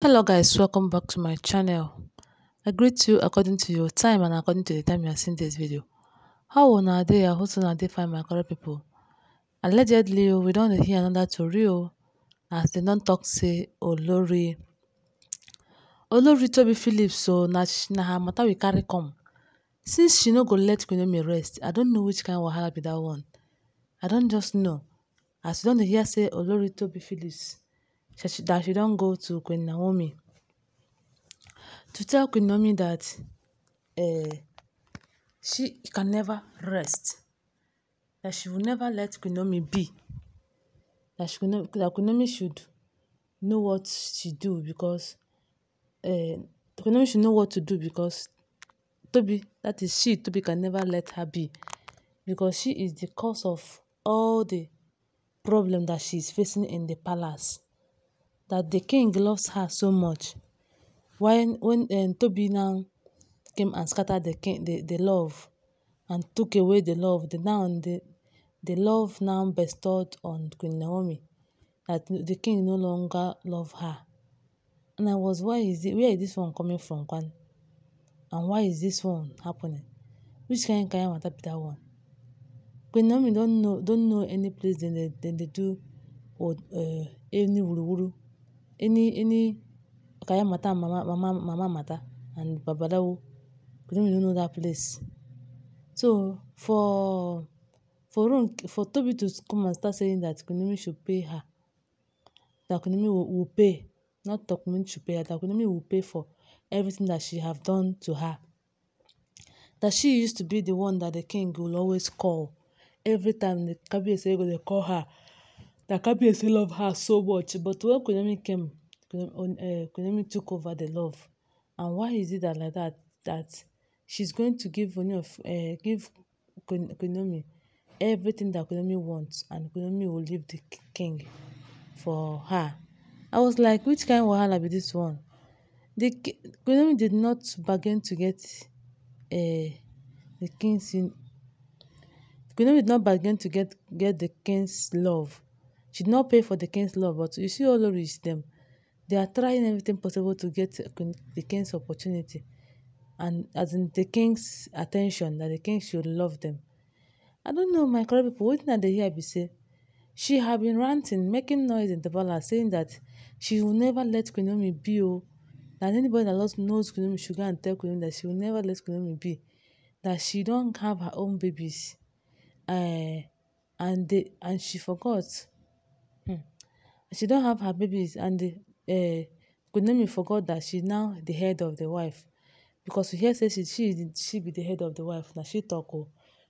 hello guys welcome back to my channel i greet you according to your time and according to the time you are seeing this video how una dey i hope una dey fine my correct people allegedly we don dey hear another tori o as dem don talk say olori olori toby phillips so na na her matter we carry come since she no go let queen rest i don know which kind of wahala be that one i don just know as we don dey hear say olori toby phillips she, that she don't go to Queen Naomi to tell Queen Naomi that uh, she can never rest, that she will never let Queen Naomi be, that, she, that Queen Naomi should know what she do because uh, Queen Naomi should know what to do because Toby, that is she, Toby can never let her be because she is the cause of all the problem that she is facing in the palace. that the king loves her so much. When, when um, Toby now came and scattered the, king, the, the love and took away the love, the, now the, the love now bestowed on Queen Naomi, that the king no longer loved her. And I was, why is it, where is this one coming from, Kwan? And why is this one happening? Which kind kind matter be that one? Queen Naomi don't know don't know any place than they, than they do or uh, any wuru wuru. Any, any Kaya Mata, Mama, Mama, Mama Mata and Babalawo, we don't even know that place. So for, for Ronke, for Toby to come and start saying that Kunimi should pay her, that Kunimi will, will pay, not that Kunimi should pay her, that Kunimi will pay for everything that she have done to her. That she used to be the one that the king will always call. Every time the Kabiyesi go, they call her. That can't be a love her so much. But when Kunami came, Kunami eh, took over the love. And why is it that like that? That she's going to give Kunami, of uh, give Konami everything that Kunami wants, and Kunami will leave the king for her. I was like, which kind of wahala be this one? The Konami did not bargain to get uh, the king's in. Konami did not bargain to get get the king's love. She did not pay for the king's love, but you see all Oloris them. They are trying everything possible to get the king's opportunity and as in the king's attention, that the king should love them. I don't know, my correct people, waiting at the hear me say, she had been ranting, making noise in the palace, saying that she will never let Queen be, oh, that anybody that loves knows Queen should go and tell Queen that she will never let Queen be, that she don't have her own babies, uh, and they, and she forgot she don have her babies and the eh, um Kunemi forgot that she now the head of the wife because we hear say she she she be the head of the wife na she talk o oh.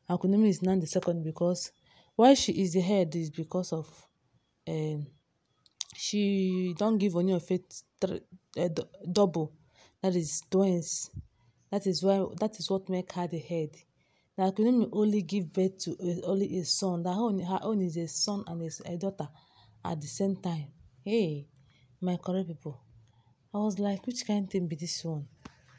and Kunemi is now the second because why she is the head is because of um, she don give Ooni of Ife uh, eh, double that is twins that is why that is what make her the head na Kunemi only give birth to uh, only a son that her own her own is a son and a, a daughter at the same time. Hey, my correct people. I was like, which kind of thing be this one?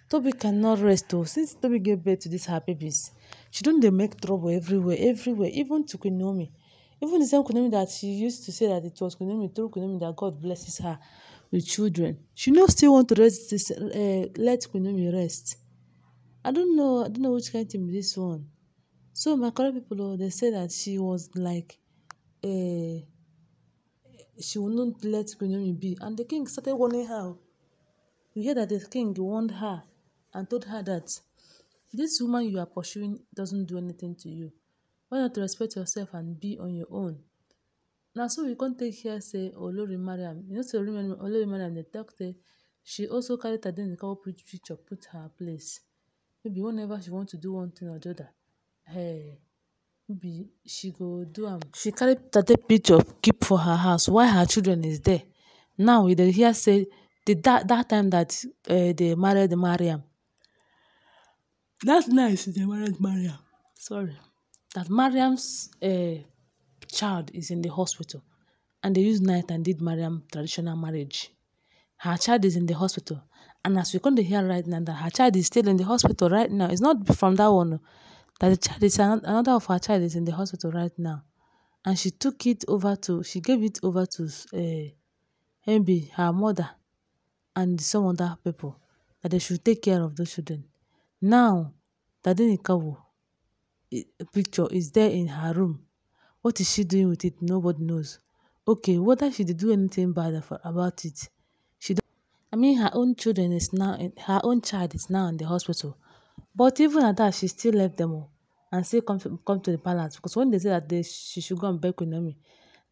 Toby cannot rest oh. Since Toby gave birth to this her babies, she don dey make trouble everywhere, everywhere, even to Kunomi, Even the same Kunomi that she used to say that it was Kunomi, Naomi, through Queen that God blesses her with children. She no still want to rest this, uh, let Kunomi rest. I don't know, I don't know which kind of thing be this one. So my correct people, oh, they say that she was like a uh, eh, she will not let Queen be. And the king started warning her. We hear that the king warned her and told her that this woman you are pursuing doesn't do anything to you. Why not respect yourself and be on your own? Now, so we come take hear say olori mariam you know say olori mariam dey talk say she also carried carry tadini cover picture put her place maybe whenever she want to do one thing or the other hey, be she go do am she carry tete picture keep for her house while her children is there now we dey hear say the that that time that uh, they married mariam that night they married mariam sorry that mariam's uh, eh, child is in the hospital and they used night and did mariam traditional marriage her child is in the hospital and as we come to hear right now that her child is still in the hospital right now it's not from that one that the child is another of her child is in the hospital right now and she took it over to she gave it over to uh, eh, MB her mother and some other people that they should take care of those children now Tadini Kawo picture is there in her room what is she doing with it nobody knows okay whether she did do anything bad for, about it she I mean her own children is now her own child is now in the hospital But even at that, she still left them all oh, and still come to, come to the palace because when they said that they, she should go and beg Kunomi,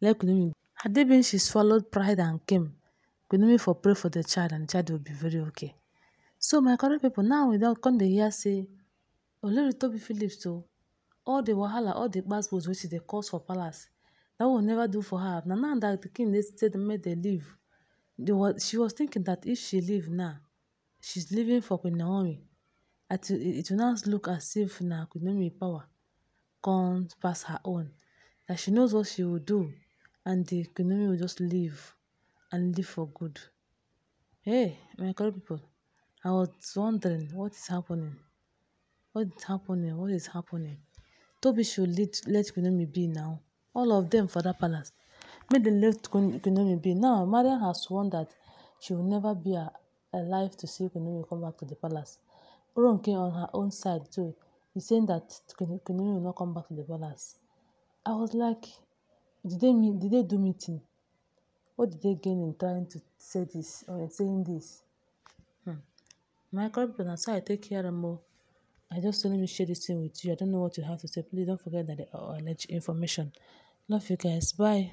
let Kunomi. Had they been, she swallowed pride and came. Kunomi for pray for the child and the child will be very okay. So my current people now without come they hear say, Olori Toby Phillips so oh, all the wahala, all the passports which is the cause for palace, that will never do for her. Now now that the king they said made they leave, they was, she was thinking that if she leave now, she's leaving for Queen Naomi. It will, it will now look as if na Kunumi power can't pass her own, that she knows what she will do and the Konami will just leave and leave for good. Hey, my colleague people, I was wondering what is happening. What is happening? What is happening? Toby should let, let Konami be now. All of them for that palace. May them let Kunumi be. Now, Marian has sworn that she will never be alive to see Kunumi come back to the palace. Ronke on her own side too saying that Canelo will not come back to the palace. I was like, did they, meet, did they do meeting? What did they gain in trying to say this or in saying this? Hmm. My correct brother, that's I take care of them. Oh. I just let me share this thing with you. I don't know what you have to say. Please don't forget that they are alleged information. Love you guys. Bye.